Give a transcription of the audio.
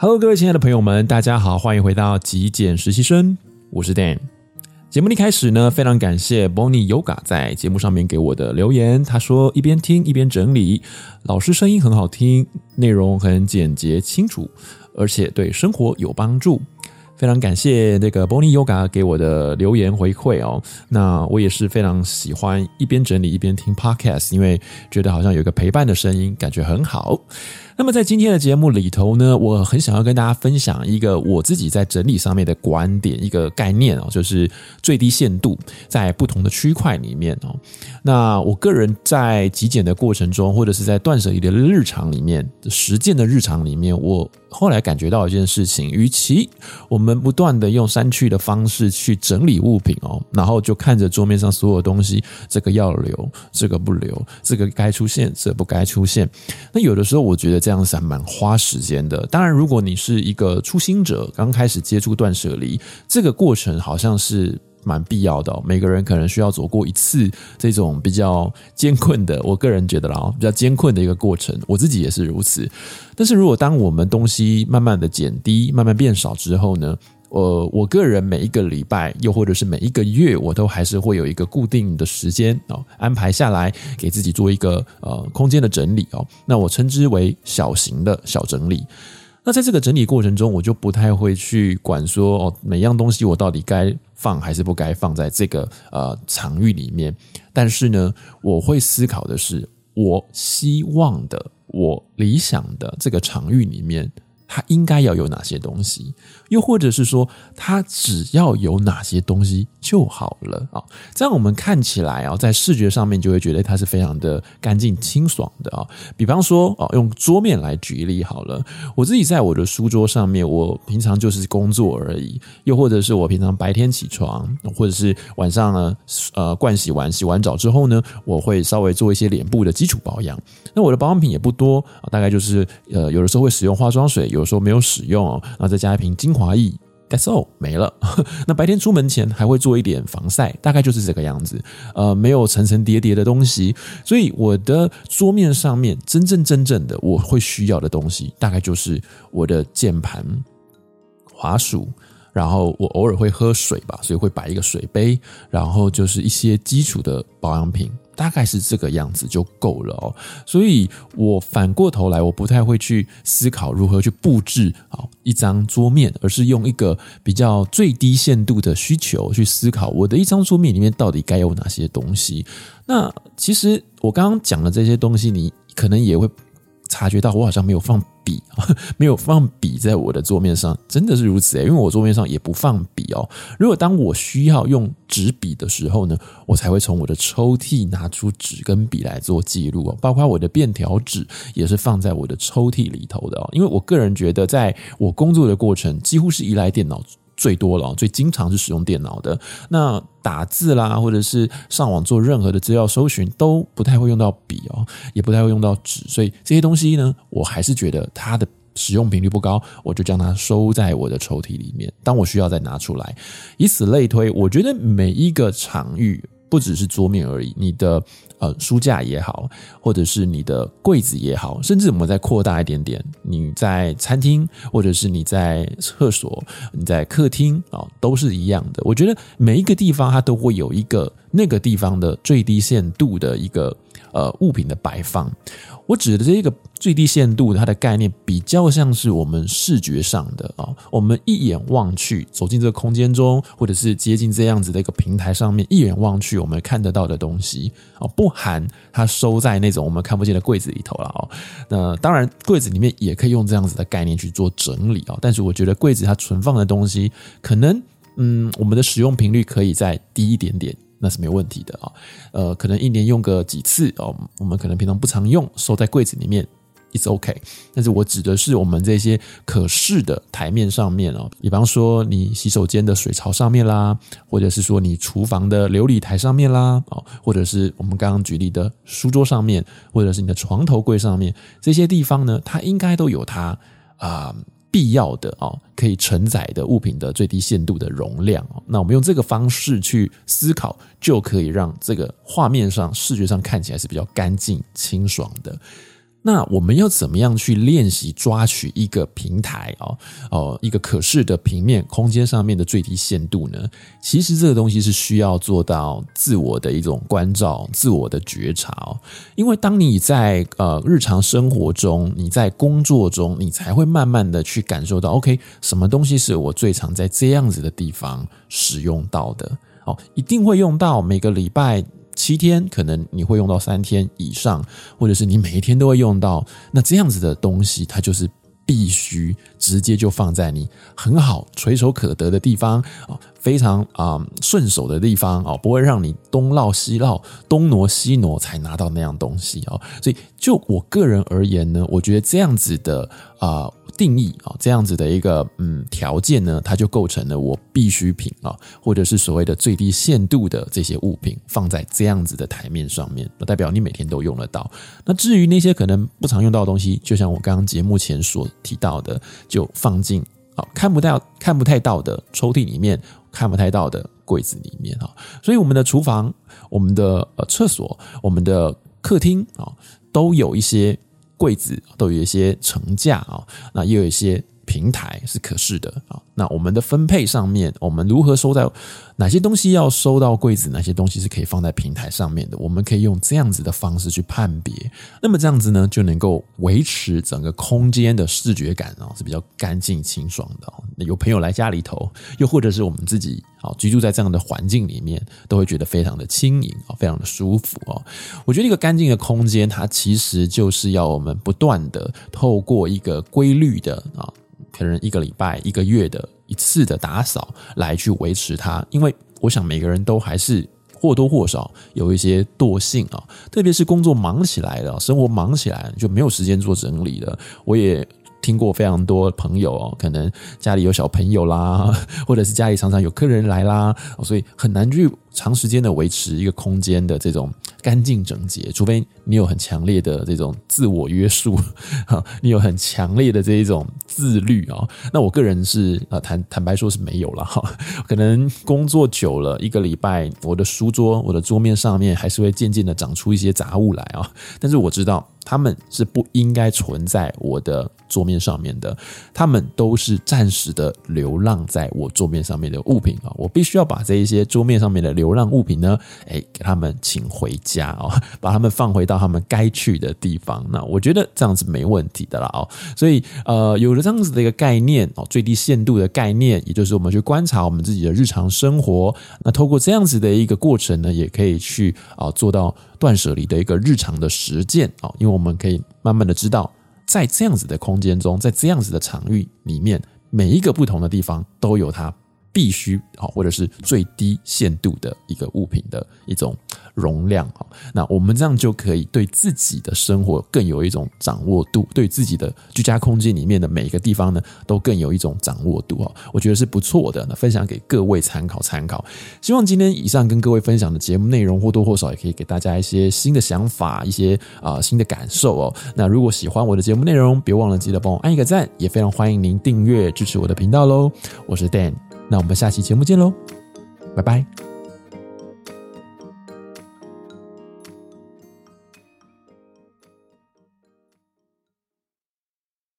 Hello，各位親愛的朋友們，大家好，歡迎回到極簡實習生，我是 Dan。節目一開始呢，非常感謝 Bonnie Yoga 在節目上面給我的留言，他說一邊聽一邊整理，老師聲音很好聽，內容很簡潔清楚，而且對生活有幫助。非常感謝那個 Bonnie Yoga 給我的留言回饋哦。那我也是非常喜歡一邊整理一邊聽 podcast，因為覺得好像有一個陪伴的聲音，感覺很好。那麼在今天的節目裡頭呢，我很想要跟大家分享一個我自己在整理上面的觀點，一個概念哦，就是最低限度在不同的區塊裡面哦。那我個人在極簡的過程中，或者是在斷捨離的日常裡面，實踐的日常裡面，我。後來感覺到一件事情，與其我們不斷地用刪去的方式去整理物品哦，然後就看着桌面上所有東西，這個要留，這個不留，這個該出現，這個、不該出現。那有的時候我覺得這樣子還蠻花時間的。當然，如果你是一個初心者，剛開始接觸斷舍離，這個過程好像是。蠻必要的哦，每個人可能需要走過一次這種比較艱困的，我個人覺得啦哦，比較艱困的一個過程，我自己也是如此。但是如果當我們東西慢慢的減低、慢慢變少之後呢，呃，我個人每一個禮拜，又或者是每一個月，我都還是會有一個固定的時間哦，安排下來，給自己做一個呃空間的整理哦。那我稱之為小型的小整理。那在這個整理過程中，我就不太會去管說哦，每樣東西我到底該。放還是不該放在這個呃場域裡面？但是呢，我會思考的是，我希望的、我理想的這個場域裡面。它應該要有哪些東西？又或者是說，它只要有哪些東西就好了啊？這樣我們看起來啊，在視覺上面就會覺得它是非常的乾淨清爽的啊。比方說，啊用桌面來舉例好了。我自己在我的書桌上面，我平常就是工作而已。又或者是我平常白天起床，或者是晚上呢，呃，盥洗完、洗完澡之後呢，我會稍微做一些臉部的基礎保養。那我的保養品也不多，大概就是，呃，有的時候會使用化妝水。有時候沒有使用哦，然後再加一瓶精華液，That's all，沒了。 那白天出門前還會做一點防曬，大概就是這個樣子。呃，沒有層層疊疊疊的東西，所以我的桌面上面真正真正的我會需要的東西，大概就是我的鍵盤、滑鼠，然後我偶爾會喝水吧，所以會擺一個水杯，然後就是一些基礎的保養品。大概是這個樣子就夠了哦，所以我反過頭來，我不太會去思考如何去布置喔一張桌面，而是用一個比較最低限度的需求去思考我的一張桌面裡面到底該有哪些東西。那其實我剛剛講的這些東西，你可能也會。察覺到我好像沒有放筆，沒有放筆在我的桌面上，真的是如此欸，因為我桌面上也不放筆哦。如果當我需要用紙筆的時候呢，我才會從我的抽屜拿出紙跟筆來做記錄哦，包括我的便條紙也是放在我的抽屜裡頭的哦。因為我個人覺得，在我工作的過程，幾乎是依賴電腦。最多了，最經常是使用電腦的，那打字啦，或者是上網做任何的資料搜尋，都不太會用到筆哦，也不太會用到紙，所以這些東西呢，我還是覺得它的使用頻率不高，我就將它收在我的抽屜裡面，當我需要再拿出來。以此類推，我覺得每一個場域。不只是桌面而已，你的呃書架也好，或者是你的櫃子也好，甚至我們再擴大一點點，你在餐廳，或者是你在廁所，你在客廳啊、哦，都是一樣的。我覺得每一個地方它都會有一個。那個地方的最低限度的一個呃物品的擺放我指的這一個最低限度，它的概念比較像是我們視覺上的啊，我們一眼望去走進這個空間中，或者是接近這樣子的一個平台上面，一眼望去我們看得到的東西哦，不含它收在那種我們看不見的櫃子裡頭了哦。那當然，櫃子裡面也可以用這樣子的概念去做整理哦，但是我覺得櫃子它存放的東西，可能嗯，我們的使用頻率可以再低一點點。那是沒有問題的啊、哦，呃，可能一年用個幾次哦，我們可能平常不常用，收在櫃子裡面，it's OK。但是我指的是我們這些可視的台面上面啊、哦。比方說你洗手間的水槽上面啦，或者是說你廚房的流理台上面啦，或者是我們剛剛舉例的書桌上面，或者是你的床頭櫃上面這些地方呢，它應該都有它啊。呃必要的啊，可以承載的物品的最低限度的容量。那我們用這個方式去思考，就可以讓這個畫面上，視覺上看起來是比較乾淨清爽的。那我們要怎麼樣去練習抓取一個平台哦哦、呃，一個可視的平面空間上面的最低限度呢？其實這個東西是需要做到自我的一種關照、自我的覺察哦。因為當你在呃日常生活中、你在工作中，你才會慢慢的去感受到，OK，什麼東西是我最常在這樣子的地方使用到的哦，一定會用到每個禮拜。七天可能你會用到三天以上，或者是你每一天都會用到，那這樣子的東西，它就是必須直接就放在你很好、垂手可得的地方，非常啊、嗯、順手的地方啊、哦，不會讓你東繞西繞、東挪西挪才拿到那樣東西哦。所以就我個人而言呢，我覺得這樣子的啊。呃定義啊，這樣子的一個嗯條件呢，它就構成了我必需品啊，或者是所謂的最低限度的這些物品放在這樣子的台面上面，代表你每天都用得到。那至於那些可能不常用到的東西，就像我剛剛節目前所提到的，就放進啊看不到、看不太到的抽屜裡面，看不太到的櫃子裡面哈。所以我們的廚房、我們的呃廁所、我們的客廳啊，都有一些。櫃子都有一些成架啊、哦，那也有一些平台是可視的啊、哦。那我們的分配上面，我們如何收在，哪些東西要收到櫃子？哪些東西是可以放在平台上面的？我們可以用這樣子的方式去判別。那麼這樣子呢，就能夠維持整個空間的視覺感啊，是比較乾淨清爽的。有朋友來家裡頭，又或者是我們自己啊，居住在這樣的環境裡面，都會覺得非常的輕盈啊，非常的舒服啊。我覺得一個乾淨的空間，它其實就是要我們不斷的透過一個規律的啊，可能一個禮拜、一個月的一次的打掃來去維持它，因為我想每個人都還是或多或少有一些惰性啊，特別是工作忙起來了，生活忙起來就沒有時間做整理的。我也聽過非常多朋友，可能家裡有小朋友啦，或者是家裡常常有客人來啦，所以很難去。長時間的維持一個空間的這種乾淨整潔，除非你有很強烈的這種自我約束，哈，你有很強烈的這一種自律啊。那我個人是啊，坦坦白說是沒有了哈。可能工作久了，一個禮拜，我的書桌、我的桌面上面還是會漸漸的長出一些雜物來啊。但是我知道他們是不應該存在我的桌面上面的，他們都是暫時的流浪在我桌面上面的物品啊。我必須要把這一些桌面上面的流流浪物品呢？哎、欸，給他們請回家哦，把他們放回到他們該去的地方。那我覺得這樣子沒問題的啦哦。所以呃，有了這樣子的一個概念哦，最低限度的概念，也就是我們去觀察我們自己的日常生活。那透過這樣子的一個過程呢，也可以去啊、哦、做到斷捨離的一個日常的實踐哦，因為我們可以慢慢的知道，在這樣子的空間中，在這樣子的場域裡面，每一個不同的地方都有它。必須好，或者是最低限度的一個物品的一種容量啊，那我們這樣就可以對自己的生活更有一種掌握度，對自己的居家空間裡面的每一個地方呢，都更有一種掌握度啊，我覺得是不錯的，那分享給各位參考參考。希望今天以上跟各位分享的節目內容，或多或少也可以給大家一些新的想法，一些啊、呃新的感受哦。那如果喜歡我的節目內容，別忘了記得幫我按一個讚，也非常歡迎您訂閱支持我的頻道嘍。我是 Dan。那我們下期節目見嘍，拜拜。